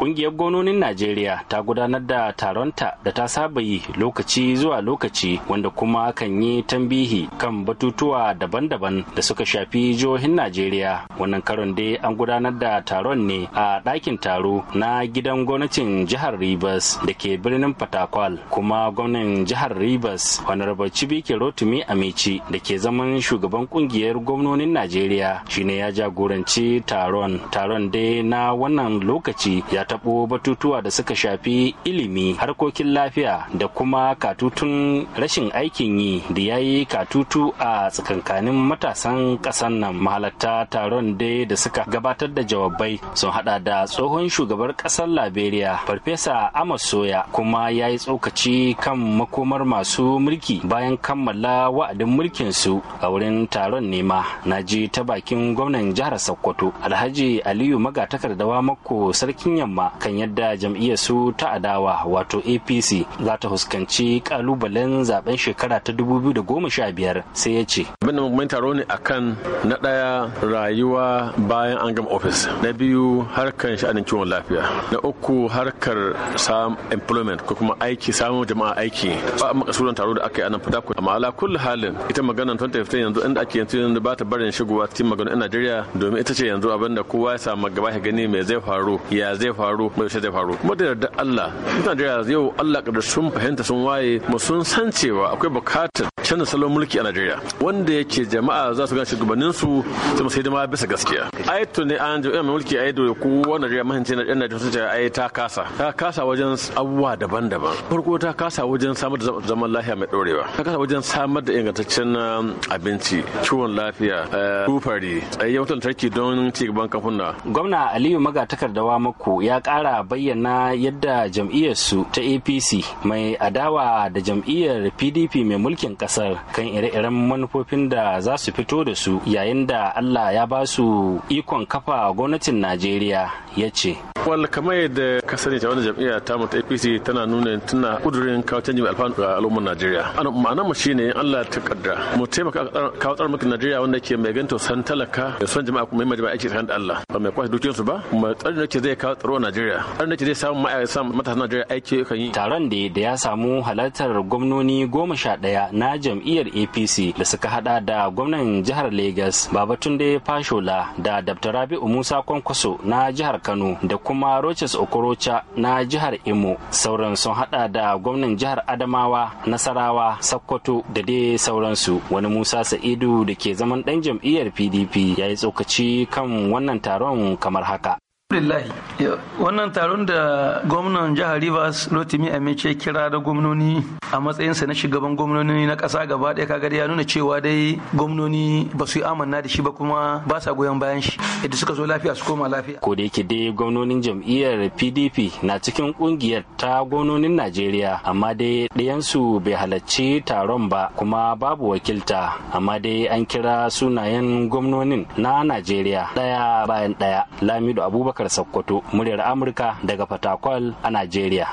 ƙungiyar gononin Najeriya ta gudanar da taronta da ta saba yi lokaci zuwa lokaci wanda kuma kan yi tambihi kan batutuwa daban-daban da suka shafi jihohin Najeriya. Wannan karon dai an gudanar da taron ne a ɗakin taro na gidan gwamnatin jihar Rivers da ke birnin Fatakwal kuma gwamnan jihar Rivers Honorable Chibike Rotimi Amici da ke zaman shugaban ƙungiyar gwamnonin Najeriya shine ya jagoranci taron. Taron dai na wannan lokaci ya taɓo batutuwa da suka shafi ilimi harkokin lafiya da kuma katutun rashin aikin yi da ya yi katutu a tsakankanin matasan ƙasar nan mahalarta taron dai da suka gabatar da jawabai sun hada da tsohon shugabar ƙasar liberia farfesa amasoya kuma ya yi tsokaci kan makomar masu mulki bayan kammala wa'adin su a wurin taron nema na ji ta bakin gwamnan jihar sokoto alhaji aliyu magatakardawa mako sarkin yamma kan yadda jam'iyyar su ta adawa wato apc za ta huskanci kalubalen zaben shekara ta 2015 sai ya ce abin da mun taro ne akan na daya rayuwa bayan an gama ofis na biyu harkar sha'anin kiwon lafiya na uku harkar sam employment ko kuma aiki samun jama'a aiki ba a makasuran taro da aka yi anan fada amma ala kulli halin ita magana 2015 yanzu inda ake yanzu yanzu ba ta barin shigowa cikin a Najeriya domin ita ce yanzu abin da kowa ya samu gaba ya gani me zai faru ya zai faru faru ba yaushe zai faru kuma da yarda Allah mutane da yau Allah kadar sun fahimta sun waye mu sun san cewa akwai bukatar canza salon mulki a Najeriya wanda yake jama'a za su gane shugabannin su su da ma bisa gaskiya ai to ne an jiya mai mulki ai ko wannan Najeriya mahimmanci na Najeriya sun ce ai ta kasa ta kasa wajen abubuwa daban-daban farko ta kasa wajen samar da zaman lafiya mai dorewa ta kasa wajen samar da ingantaccen um, abinci ciwon lafiya tufari uh, yawan lantarki don ci gaban kamfuna gwamna Aliyu wa muku ya kara bayyana yadda jam'iyyarsu ta apc mai adawa da jam'iyyar pdp mai mulkin kasar kan ire-iren manufofin da za su fito da su yayin da allah ya ba su ikon kafa gwamnatin najeriya ya ce wal kamar yadda ka sani ta wani jam'iyya ta mata apc tana nuna tana kudurin kawo canji mai alfanu ga al'ummar najeriya ma'anar mu shine allah ta kaddara mu taimaka kawo tsarin mulkin najeriya wanda ke mai ganto san talaka da son jama'a kuma mai jama'a aiki tsakanin da allah ba mai kwashe dukiyarsu ba mu tsarin da ke zai kawo tsaro Najeriya har zai samu matasan Najeriya aiki kan yi taron da da ya samu halartar gwamnoni goma sha ɗaya na jam'iyyar APC da suka haɗa da gwamnan jihar Lagos Babatunde Fashola da Dr. Rabi'u Musa Kwankwaso na jihar Kano da kuma Roches Okorocha na jihar Imo sauran sun hada da gwamnan jihar Adamawa Nasarawa Sokoto da dai sauransu wani Musa Sa'idu da ke zaman ɗan jam'iyyar PDP ya yi tsokaci kan wannan taron kamar haka. Alhamdulillahi wannan taron da gwamnan jihar Rivers Rotimi Amice kira da gwamnoni a matsayinsa na shugaban gwamnoni na kasa gaba ɗaya kaga ya nuna cewa dai gwamnoni ba su yi amanna da shi ba kuma ba sa goyon bayan shi yadda suka zo lafiya su koma lafiya. Ko da yake dai gwamnonin jam'iyyar PDP na cikin kungiyar ta gwamnonin Najeriya amma dai ɗayansu bai halarci taron ba kuma babu wakilta amma dai an kira sunayen gwamnonin na Najeriya ɗaya bayan ɗaya Lamido Abubakar abubakar sokoto muryar amurka daga fatakwal a najeriya